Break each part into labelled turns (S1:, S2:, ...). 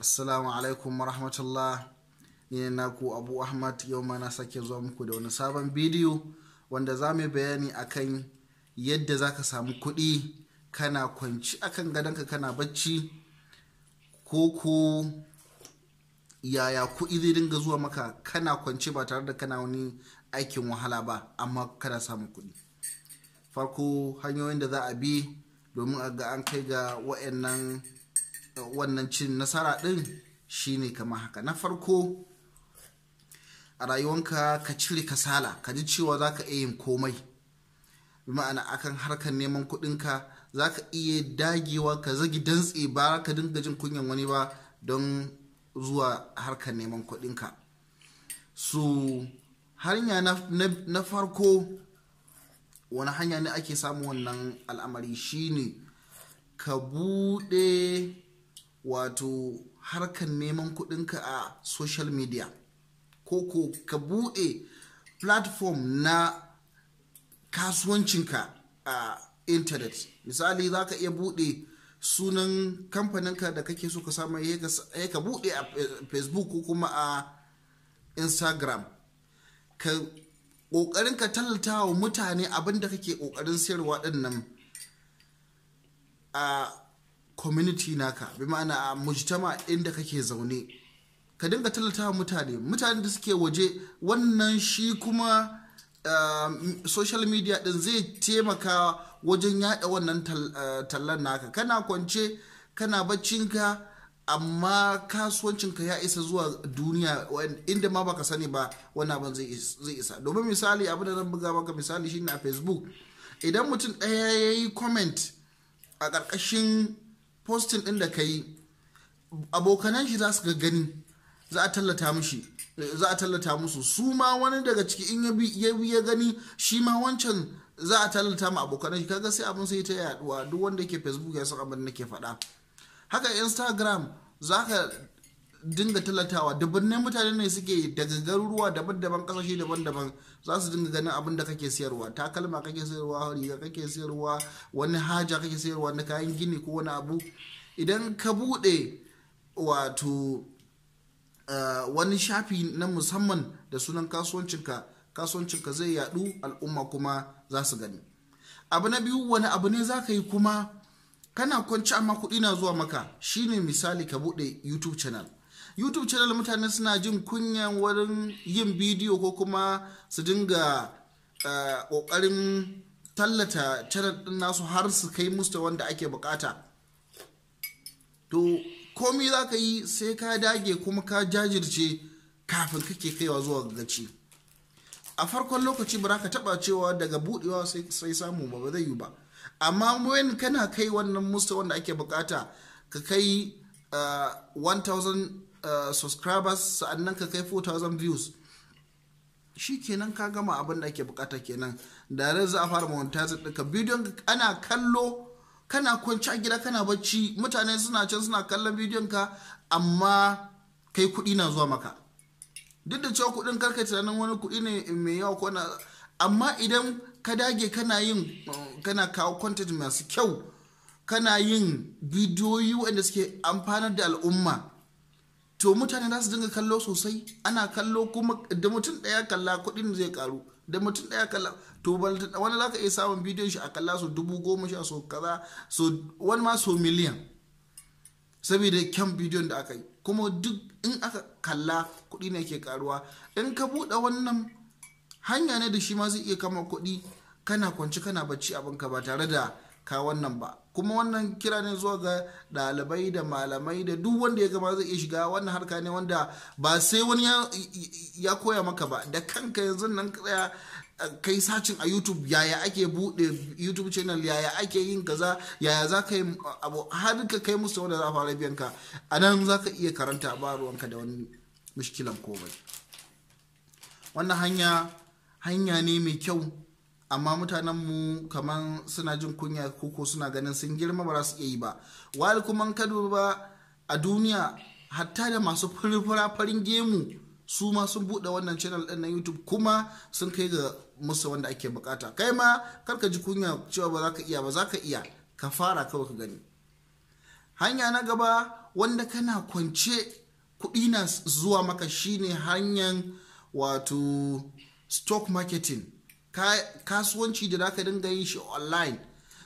S1: assalamu alaikum warahmatullah ni ne naku abu ahmad yau ma na sake zuwa muku da wani sabon bidiyo wanda za mu bayani akan yadda za ka samu kuɗi kana kwanci akan gadonka kana bacci ko ko yaya kuɗi zai dinga zuwa maka kana kwance ba tare da kana wani aikin wahala ba amma kana samu kuɗi farko hanyoyin da za a bi domin a ga an kai ga wa'annan wannan cin nasara ɗin shine kama haka na farko a rayuwanka ka cire kasala ka ji cewa za ka iya yin komai bi ma'ana akan harkar neman kuɗinka za ka iya dagewa ka zagi dantse ba ka dinga jin kunyan wani ba don zuwa harkar neman kuɗinka su hanya na farko wani hanya ne ake samun wannan al'amari shine ka buɗe wato harkar neman kudinka a social media ko ko ka buɗe platform na kasuwancinka a intanet misali za ka iya buɗe sunan kamfaninka da kake so ka samu ya ka buɗe a facebook ko kuma a instagram ka ƙoƙarin ka tallata wa mutane abin da kake ƙoƙarin sayarwa ɗin a community naka bi ma'ana a mujtama inda kake zaune ka dinga tallata mutane mutane da suke waje wannan shi kuma Uh, social media din zai taimaka wajen yada wannan eh, tallan naka kana kwance kana baccinka amma kasuwancinka ya isa zuwa duniya inda ma baka sani ba wani abin zai isa domin misali abin da zan buga baka misali shine a facebook idan mutum ɗaya ya yi comment a ƙarƙashin postin ɗin da ka yi abokanan shi za su ga gani za a tallata mushi eh, za a tallata musu su ma wani daga ciki in ya bi ya gani shi ma wancan za a tallata ma abokanan shi kaga sai abin sai ta yaduwa duk wanda ke facebook ya san abin da ke faɗa haka instagram za ka dinga talatawa dubunnan mutane ne suke daga garuruwa daban-daban kasashe daban-daban za su dinga ganin abin da kake sayarwa takalma kake sayarwa riga kake sayarwa wani haja kake sayarwa na kayan gini ko wani abu idan ka buɗe wato eh, wani shafi na musamman da sunan kasuwancinka kasuwancinka zai yadu al'umma kuma za su gani abu na biyu wani abu ne za ka yi kuma kana kwanci amma kuɗi na zuwa maka shine misali ka buɗe youtube channel youtube channel mutane suna jin kunyan wurin yin bidiyo ko kuma su dinga kokarin eh, tallata channel din nasu har su kai musta wanda ake bukata to komi za ka yi sai ka dage kuma ka jajirce kafin kake kaiwa zuwa gaci a farkon lokaci ba ka taba cewa daga budewa sai samu ba ba zai yi ba amma wani kana kai wannan musta wanda ake bukata ka kai 1000 eh, Uh, subscribers sa'annan ka kai 4000 views shi kenan ka gama abin da ake bukata kenan da za a fara monetizing ɗinka bidiyon ana kallo kana kwanci a gida kana bacci mutane suna can suna kallon bidiyon ka amma kai kuɗi na zuwa maka duk da cewa kuɗin karka tunanin wani kuɗi ne mai yawa ko na amma idan ka dage kana yin uh, kana kawo content masu kyau kana yin bidiyoyi wanda suke amfanar da al'umma to mutane za su dinga kallo sosai ana kallo kuma da mutum ɗaya kalla kuɗin zai karu da mutum ɗaya kalla to wani za ka iya samun bidiyon shi a kalla su dubu goma sha so kaza so wani ma so miliyan saboda kyan bidiyon da aka yi kuma duk in aka kalla kuɗi ne ke karuwa in ka buɗe wannan hanya ne da shi ma zai iya kama kuɗi kana kwanci kana bacci abinka ba tare da ka wannan ba kuma wannan kira ne zuwa ga ɗalibai da malamai da duk wanda ya gama zai iya shiga wannan harka ne wanda ba sai wani ya koya maka ba da kanka yanzu nan tsaya kai sacin a youtube yaya ake bude youtube channel yaya ake yin kaza yaya za ka yi abu har ka kai musu wanda za a fara biyan ka a nan za ka iya karanta ba ruwanka da wani mushkilan komai wannan hanya hanya ne mai kyau amma mutanen mu kamar suna jin kunya koko suna ganin sun girma ba za su iya yi ba wani kuma ka ba a duniya hatta da masu furfura farin gemu su ma sun buɗe wannan channel ɗin na youtube kuma sun kai ga musu wanda ake bukata kai ma karka ji kunya cewa ba za ka iya ba za ka iya ka fara kawai ka gani hanya na gaba wanda kana kwance kuɗi na zuwa maka shine hanyar wato stock marketing kasuwanci da za ka dinga yin shi online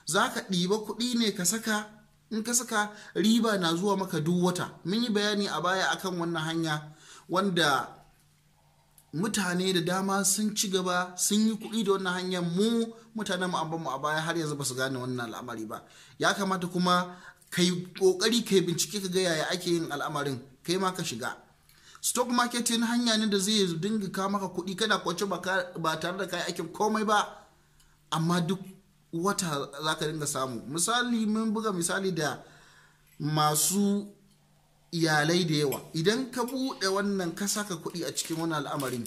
S1: za ka ɗiba kuɗi ne ka saka in ka saka riba na zuwa maka duk wata mun yi bayani a baya akan wannan hanya wanda mutane da dama sun ci gaba sun yi kuɗi da wannan hanyar mu mutanen mu mu a baya har yanzu ba su gane wannan al'amari ba ya kamata kuma kai kokari kai bincike ka ga yaya ake yin al'amarin kai ma ka shiga stock marketing hanya ne da zai dinga ka maka kuɗi kana kwace ba tare da kayi aikin komai ba amma duk wata za ka dinga samu misali mun buga misali da masu iyalai da yawa idan ka buɗe wannan ka saka kuɗi a cikin wani al'amarin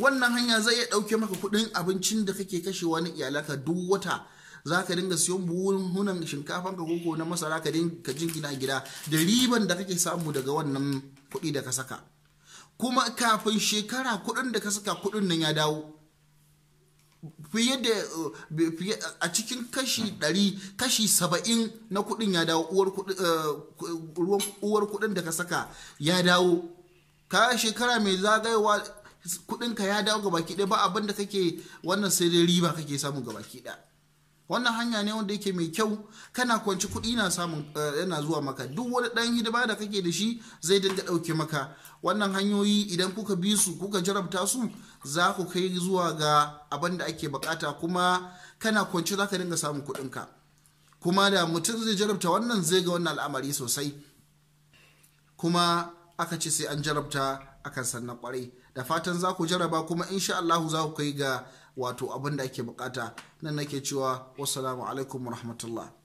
S1: wannan hanya zai iya ɗauke maka kuɗin abincin da kake kashewa na iyalanka duk wata za ka dinga siyon buhunan shinkafan ka koko na masara ka dinga gina gida da riban da kake samu daga wannan kuɗi da ka saka kuma kafin shekara kuɗin da ka saka kuɗin nan ya dawo fiye da a cikin kashi dari, kashi saba'in na kuɗin ya dawo eh, uwar kuɗin da ka saka ya dawo ka shekara mai zagayewa kuɗinka ya dawo gabaki ɗaya ba abin da kake wannan sai dai riba kake samu gabaki ɗaya wannan hanya ne wanda yake mai kyau kana kwanci kuɗi na samun eh, yana zuwa maka duk wani ɗan hidima da kake da shi zai dinga ɗauke maka wannan hanyoyi idan kuka bi su kuka jarabta su za ku kai zuwa ga abin da ake bukata kuma kana kwanci za ka dinga samun kuɗinka kuma da mutum zai jarabta wannan zai ga wannan al'amari sosai kuma aka ce sai an jarabta akan sannan kwarai da fatan za ku jaraba kuma insha Allah za ku kai ga wato abin da ake bukata nan nake cewa wassalamu alaikum rahmatullah.